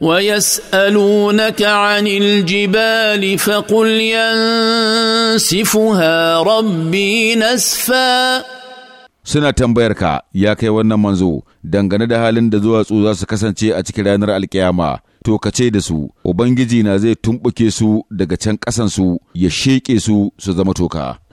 ويسالونك عن الجبال فقل ينسفها ربي نسفا suna tambayarka ya kai wannan manzo dangane da halin da zuwatsu za su kasance a cikin ranar alkiyama to ka ce da su ubangiji na zai tumbuke su daga can ƙasansu ya sheƙe su su zama toka